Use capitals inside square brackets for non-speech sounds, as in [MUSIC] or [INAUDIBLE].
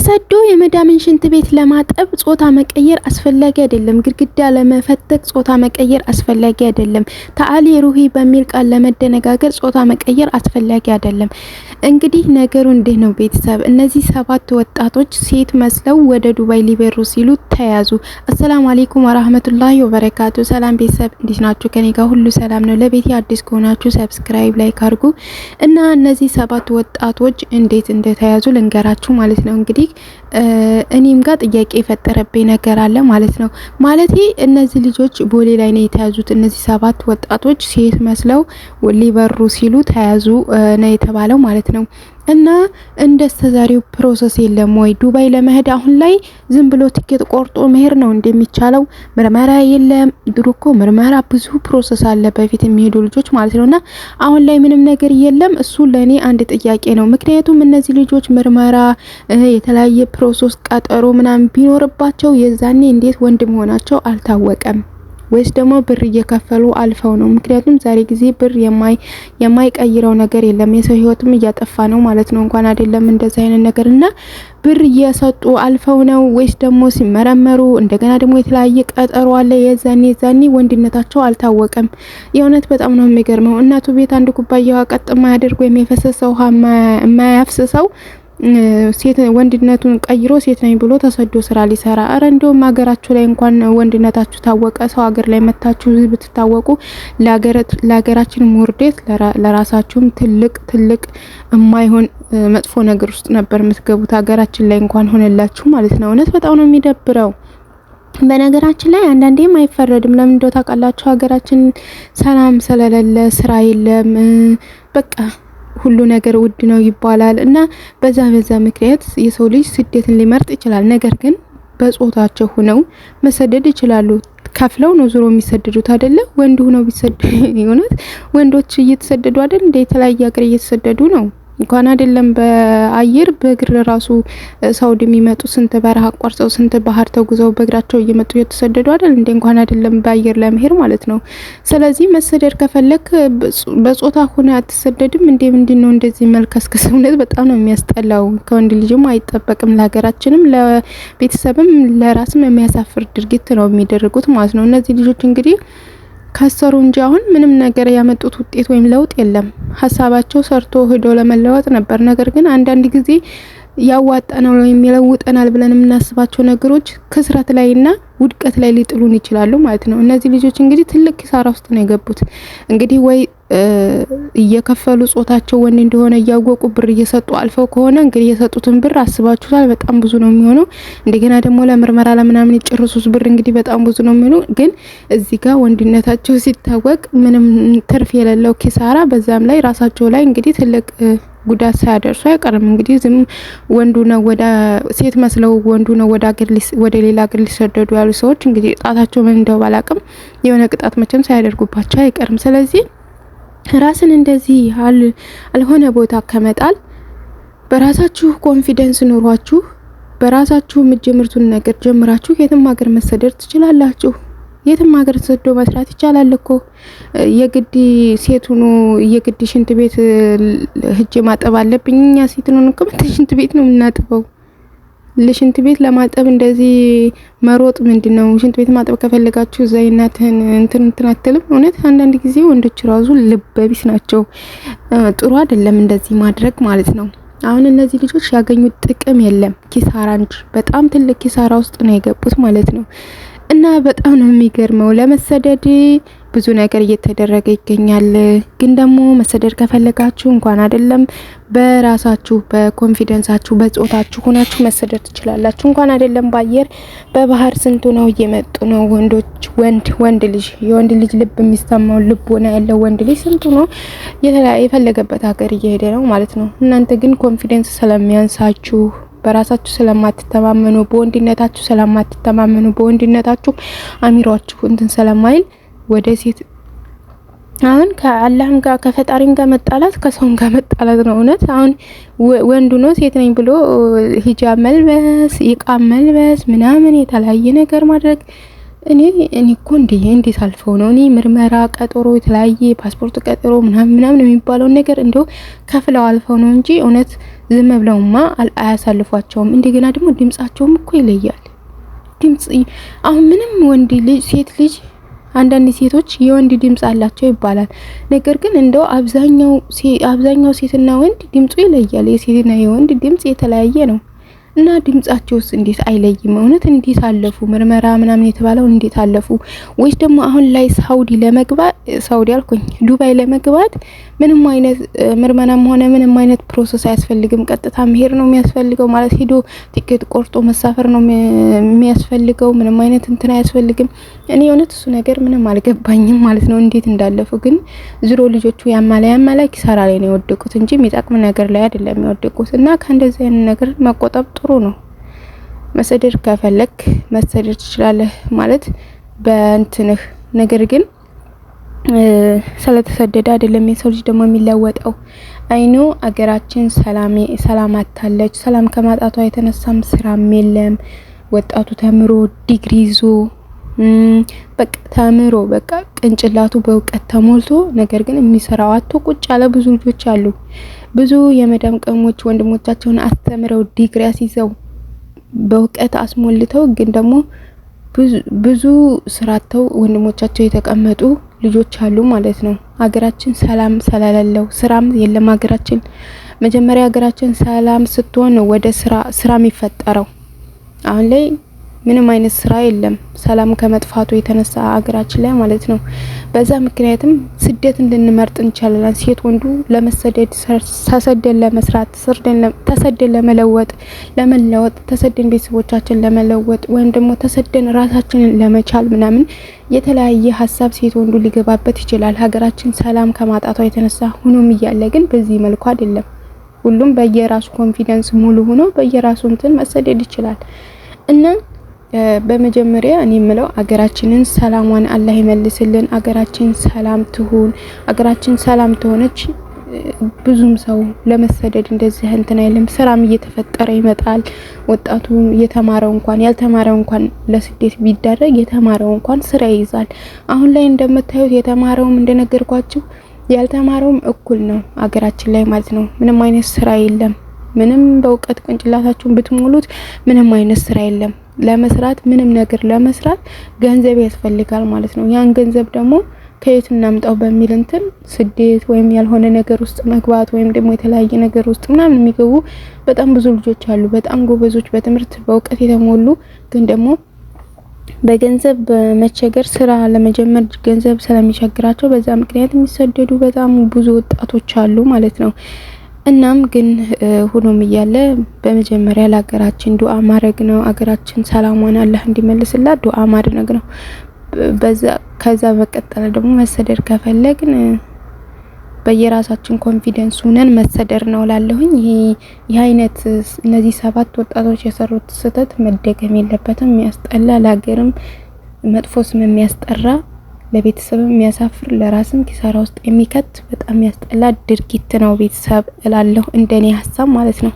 ተሰዶ የመዳምን ሽንት ቤት ለማጠብ ጾታ መቀየር አስፈላጊ አይደለም። ግድግዳ ለመፈተግ ጾታ መቀየር አስፈላጊ አይደለም። ተአሊ ሩሂ በሚል ቃል ለመደነጋገር ጾታ መቀየር አስፈላጊ አይደለም። እንግዲህ ነገሩ እንዲህ ነው ቤተሰብ። እነዚህ ሰባት ወጣቶች ሴት መስለው ወደ ዱባይ ሊበሩ ሲሉ ተያዙ። አሰላሙ አሌይኩም ወራህመቱላሂ ወበረካቱ። ሰላም ቤተሰብ እንዴት ናችሁ? ከኔ ጋር ሁሉ ሰላም ነው። ለቤት አዲስ ከሆናችሁ ሰብስክራይብ፣ ላይክ አድርጉ እና እነዚህ ሰባት ወጣቶች እንዴት እንደተያዙ ልንገራችሁ ማለት ነው እንግዲህ እንግዲህ እኔም ጋር ጥያቄ የፈጠረብኝ ነገር አለ ማለት ነው። ማለት እነዚህ ልጆች ቦሌ ላይ ነው የተያዙት። እነዚህ ሰባት ወጣቶች ሴት መስለው ሊበሩ ሲሉ ተያዙ ነው የተባለው ማለት ነው። እና እንደስተዛሬው ፕሮሰስ የለም ወይ? ዱባይ ለመሄድ አሁን ላይ ዝም ብሎ ትኬት ቆርጦ መሄድ ነው እንደሚቻለው? ምርመራ የለም? ድሮ እኮ ምርመራ ብዙ ፕሮሰስ አለ፣ በፊት የሚሄዱ ልጆች ማለት ነውና፣ አሁን ላይ ምንም ነገር የለም። እሱ ለእኔ አንድ ጥያቄ ነው። ምክንያቱም እነዚህ ልጆች ምርመራ፣ የተለያየ ፕሮሰስ፣ ቀጠሮ ምናምን ቢኖርባቸው የዛኔ እንዴት ወንድ መሆናቸው አልታወቀም። ወይስ ደግሞ ብር እየከፈሉ አልፈው ነው? ምክንያቱም ዛሬ ጊዜ ብር የማይቀይረው ነገር የለም። የሰው ህይወትም እያጠፋ ነው ማለት ነው። እንኳን አይደለም እንደዚህ አይነት ነገር እና ብር እየሰጡ አልፈው ነው ወይስ ደግሞ ሲመረመሩ እንደገና ደግሞ የተለያየ ቀጠሮ አለ። የዛኔ ዛኔ ወንድነታቸው አልታወቀም። የእውነት በጣም ነው የሚገርመው። እናቱ ቤት አንድ ኩባያ ቀጥ ማያደርግ ወይም የፈሰሰ ውሃ ማያፍስሰው ሴት ወንድነቱን ቀይሮ ሴት ነኝ ብሎ ተሰዶ ስራ ሊሰራ። አረ እንደውም ሀገራችሁ ላይ እንኳን ወንድነታችሁ ታወቀ። ሰው ሀገር ላይ መታችሁ ብትታወቁ ለሀገራችን ውርደት፣ ለራሳችሁም ትልቅ ትልቅ የማይሆን መጥፎ ነገር ውስጥ ነበር የምትገቡት። ሀገራችን ላይ እንኳን ሆነላችሁ ማለት ነው። እውነት በጣም ነው የሚደብረው። በነገራችን ላይ አንዳንዴም አይፈረድም። ለምን እንደው ታውቃላችሁ፣ ሀገራችን ሰላም ስለሌለ ስራ የለም በቃ ሁሉ ነገር ውድ ነው ይባላል እና በዛ በዛ ምክንያት የሰው ልጅ ስደትን ሊመርጥ ይችላል። ነገር ግን በጾታቸው ሆነው መሰደድ ይችላሉ። ከፍለው ነው ዙሮ የሚሰደዱት አይደለ? ወንድ ሆነው ቢሰደዱ [LAUGHS] ወንዶች እየተሰደዱ አይደል? እንደ የተለያየ ሀገር እየተሰደዱ ነው። እንኳን አይደለም በአየር በእግር ራሱ ሳውዲ የሚመጡ ስንት በረሃ አቋርጸው ስንት ባህር ተጉዘው በእግራቸው እየመጡ እየተሰደዱ አይደል እንዴ? እንኳን አይደለም በአየር ለመሄድ ማለት ነው። ስለዚህ መሰደድ ከፈለክ በጾታ ሆነ አትሰደድም እንዴ? ምንድን ነው እንደዚህ መልከስከስ? እውነት በጣም ነው የሚያስጠላው። ከወንድ ልጅም አይጠበቅም። ለሀገራችንም፣ ለቤተሰብም፣ ለራስም የሚያሳፍር ድርጊት ነው የሚደረጉት ማለት ነው እነዚህ ልጆች እንግዲህ ከሰሩ እንጂ አሁን ምንም ነገር ያመጡት ውጤት ወይም ለውጥ የለም። ሀሳባቸው ሰርቶ ሂዶ ለመለወጥ ነበር። ነገር ግን አንዳንድ ጊዜ ያዋጣናል ወይም ይለውጠናል ብለን የምናስባቸው ነገሮች ክስረት ላይና ውድቀት ላይ ሊጥሉን ይችላሉ ማለት ነው። እነዚህ ልጆች እንግዲህ ትልቅ ኪሳራ ውስጥ ነው የገቡት። እንግዲህ ወይ እየከፈሉ ጾታቸው ወንድ እንደሆነ እያወቁ ብር እየሰጡ አልፈው ከሆነ እንግዲህ የሰጡትን ብር አስባችሁታል፣ በጣም ብዙ ነው የሚሆነው። እንደገና ደግሞ ለምርመራ ለምናምን የጨረሱት ብር እንግዲህ በጣም ብዙ ነው የሚሆነው። ግን እዚህ ጋር ወንድነታቸው ሲታወቅ ምንም ትርፍ የሌለው ኪሳራ፣ በዛም ላይ ራሳቸው ላይ እንግዲህ ትልቅ ጉዳት ሳያደርሱ አይቀርም። እንግዲህ ዝም ወንዱ ነው ወደ ሴት መስለው ወንዱ ነው ወደ አገር ወደ ሌላ አገር ሊሰደዱ ያሉ ሰዎች እንግዲህ ጣታቸው ምን እንደው ባላቅም የሆነ ቅጣት መቼም ሳያደርጉባቸው አይቀርም። ስለዚህ ራስን እንደዚህ አልሆነ ቦታ ከመጣል በራሳችሁ ኮንፊደንስ ኑሯችሁ በራሳችሁ የምትጀምሩትን ነገር ጀምራችሁ የትም ሀገር መሰደድ ትችላላችሁ። የትም ሀገር ተሰዶ መስራት ይቻላል እኮ የግድ ሴቱኑ የግድ ሽንት ቤት ህጅ ማጠብ አለብኝ። እኛ ሴት ሽንት ቤት ነው የምናጥበው። ለሽንት ቤት ለማጠብ እንደዚህ መሮጥ ምንድን ነው? ሽንት ቤት ማጠብ ከፈለጋችሁ ዘይናትን እንትን እንትን አትልም። እውነት አንዳንድ ጊዜ ወንዶች ራሱ ልበቢስ ናቸው። ጥሩ አይደለም እንደዚህ ማድረግ ማለት ነው። አሁን እነዚህ ልጆች ያገኙት ጥቅም የለም ኪሳራ እንጂ በጣም ትልቅ ኪሳራ ውስጥ ነው የገቡት ማለት ነው። እና በጣም ነው የሚገርመው ለመሰደድ ብዙ ነገር እየተደረገ ይገኛል። ግን ደግሞ መሰደድ ከፈለጋችሁ እንኳን አይደለም በራሳችሁ በኮንፊደንሳችሁ በጾታችሁ ሆናችሁ መሰደድ ትችላላችሁ። እንኳን አይደለም በአየር በባህር ስንቱ ነው እየመጡ ነው ወንዶች። ወንድ ወንድ ልጅ የወንድ ልጅ ልብ የሚሰማው ልብ ሆነ ያለው ወንድ ልጅ ስንቱ ነው የፈለገበት ሀገር እየሄደ ነው ማለት ነው። እናንተ ግን ኮንፊደንስ ስለሚያንሳችሁ በራሳችሁ ስለማትተማመኑ በወንድነታችሁ ስለማትተማመኑ በወንድነታችሁ አሚሯችሁ እንትን ስለማይል ወደ ሴት አሁን ከአላህም ጋር ከፈጣሪም ጋር መጣላት ከሰውም ጋር መጣላት ነው። እውነት አሁን ወንዱ ነው ሴት ነኝ ብሎ ሂጃብ መልበስ ይቃም መልበስ ምናምን የተለያየ ነገር ማድረግ እኔ እኔ እኮ እንዴ እንዴት አልፈው ነው እኔ ምርመራ ቀጠሮ፣ የተለያየ ፓስፖርት ቀጠሮ ምናምን ምናምን የሚባለውን ነገር እንደው ከፍለው አልፈው ነው እንጂ እውነት ዝም ብለውማ አያሳልፏቸውም። እንደገና ደግሞ ድምጻቸውም እኮ ይለያል። ድምጽ አሁን ምንም ወንድ ልጅ ሴት ልጅ አንዳንድ ሴቶች የወንድ ድምፅ አላቸው ይባላል። ነገር ግን እንደው አብዛኛው ሴትና ወንድ ድምጹ ይለያል። የሴትና የወንድ ድምጽ የተለያየ ነው። እና ድምጻቸውስ እንዴት አይለይም? እውነት እንዴት አለፉ? ምርመራ ምናምን የተባለው እንዴት አለፉ? ወይስ ደግሞ አሁን ላይ ሳውዲ ለመግባት ሳውዲ አልኩኝ ዱባይ ለመግባት ምንም አይነት ምርመራም ሆነ ምንም አይነት ፕሮሰስ አያስፈልግም። ቀጥታ መሄድ ነው የሚያስፈልገው። ማለት ሄዶ ቲኬት ቆርጦ መሳፈር ነው የሚያስፈልገው። ምንም አይነት እንትን አያስፈልግም። እኔ እውነት እሱ ነገር ምንም አልገባኝም ማለት ነው እንዴት እንዳለፉ። ግን ዝሮ ልጆቹ ያማላ ያማላ ኪሳራ ላይ ነው የወደቁት እንጂ የሚጠቅም ነገር ላይ አይደለም የወደቁት እና ከእንደዚህ አይነት ነገር መቆጠብ ጥሩ ነው። መሰደድ ከፈለክ መሰደድ ትችላለህ ማለት በእንትንህ። ነገር ግን ስለተሰደደ አይደለም የሰው ልጅ ደግሞ የሚለወጠው። አይኑ አገራችን ሰላም አታለች። ሰላም ከማጣቷ የተነሳም ስራም የለም። ወጣቱ ተምሮ ዲግሪ ይዞ በቃ ተምሮ በቃ ቅንጭላቱ በእውቀት ተሞልቶ ነገር ግን የሚሰራው አቶ ቁጭ ያለ ብዙ ልጆች አሉ። ብዙ የመዳም ቀሞች ወንድሞቻቸውን አስተምረው ዲግሪ አስይዘው በእውቀት አስሞልተው ግን ደግሞ ብዙ ስራተው ወንድሞቻቸው የተቀመጡ ልጆች አሉ ማለት ነው። ሀገራችን ሰላም ስለሌለው ስራም የለም። ሀገራችን መጀመሪያ ሀገራችን ሰላም ስትሆን ወደ ስራ ስራም የሚፈጠረው አሁን ላይ ምንም አይነት ስራ የለም፣ ሰላም ከመጥፋቱ የተነሳ አገራችን ላይ ማለት ነው። በዛ ምክንያትም ስደትን ልንመርጥ እንችላለን። ሴት ወንዱ ለመሰደድ ተሰደን ለመስራት ተሰደን ለመለወጥ ለመለወጥ ተሰደን ቤተሰቦቻችን ለመለወጥ ወይም ደግሞ ተሰደን ራሳችንን ለመቻል ምናምን የተለያየ ሀሳብ ሴት ወንዱ ሊገባበት ይችላል። ሀገራችን ሰላም ከማጣቷ የተነሳ ሆኖም እያለ ግን በዚህ መልኩ አይደለም። ሁሉም በየራሱ ኮንፊደንስ ሙሉ ሆኖ በየራሱ እንትን መሰደድ ይችላል እና በመጀመሪያ እኔ የምለው አገራችንን ሰላሟን አላህ ይመልስልን። አገራችን ሰላም ትሁን። አገራችን ሰላም ትሆነች ብዙም ሰው ለመሰደድ እንደዚህ እንትን አይልም። ሰላም እየተፈጠረ ይመጣል። ወጣቱ የተማረው እንኳን ያልተማረው እንኳን ለስደት ቢዳረግ የተማረው እንኳን ስራ ይይዛል። አሁን ላይ እንደምታዩት የተማረውም እንደነገርኳችሁ ያልተማረውም እኩል ነው አገራችን ላይ ማለት ነው። ምንም አይነት ስራ የለም። ምንም በእውቀት ቅንጭላታችሁን ብትሞሉት ምንም አይነት ስራ የለም። ለመስራት ምንም ነገር ለመስራት ገንዘብ ያስፈልጋል ማለት ነው። ያን ገንዘብ ደግሞ ከየት እናምጣው በሚል እንትን ስደት ወይም ያልሆነ ነገር ውስጥ መግባት ወይም ደግሞ የተለያየ ነገር ውስጥ ምናምን የሚገቡ በጣም ብዙ ልጆች አሉ። በጣም ጎበዞች፣ በትምህርት በእውቀት የተሞሉ ግን ደግሞ በገንዘብ በመቸገር ስራ ለመጀመር ገንዘብ ስለሚቸግራቸው በዛ ምክንያት የሚሰደዱ በጣም ብዙ ወጣቶች አሉ ማለት ነው። እናም ግን ሁሉም እያለ በመጀመሪያ ለሀገራችን ዱአ ማድረግ ነው። አገራችን ሰላሟን አላህ እንዲመልስላት ዱአ ማድረግ ነው። በዛ ከዛ በቀጠለ ደግሞ መሰደር ከፈለግን በየራሳችን ኮንፊደንስ ሁነን መሰደር ነው ላለሁኝ። ይህ አይነት እነዚህ ሰባት ወጣቶች የሰሩት ስህተት መደገም የለበትም። የሚያስጠላ ለሀገርም መጥፎ ስም የሚያስጠራ ለቤተሰብ የሚያሳፍር ለራስም ኪሳራ ውስጥ የሚከት በጣም ያስጠላ ድርጊት ነው ቤተሰብ እላለሁ፣ እንደኔ ሀሳብ ማለት ነው።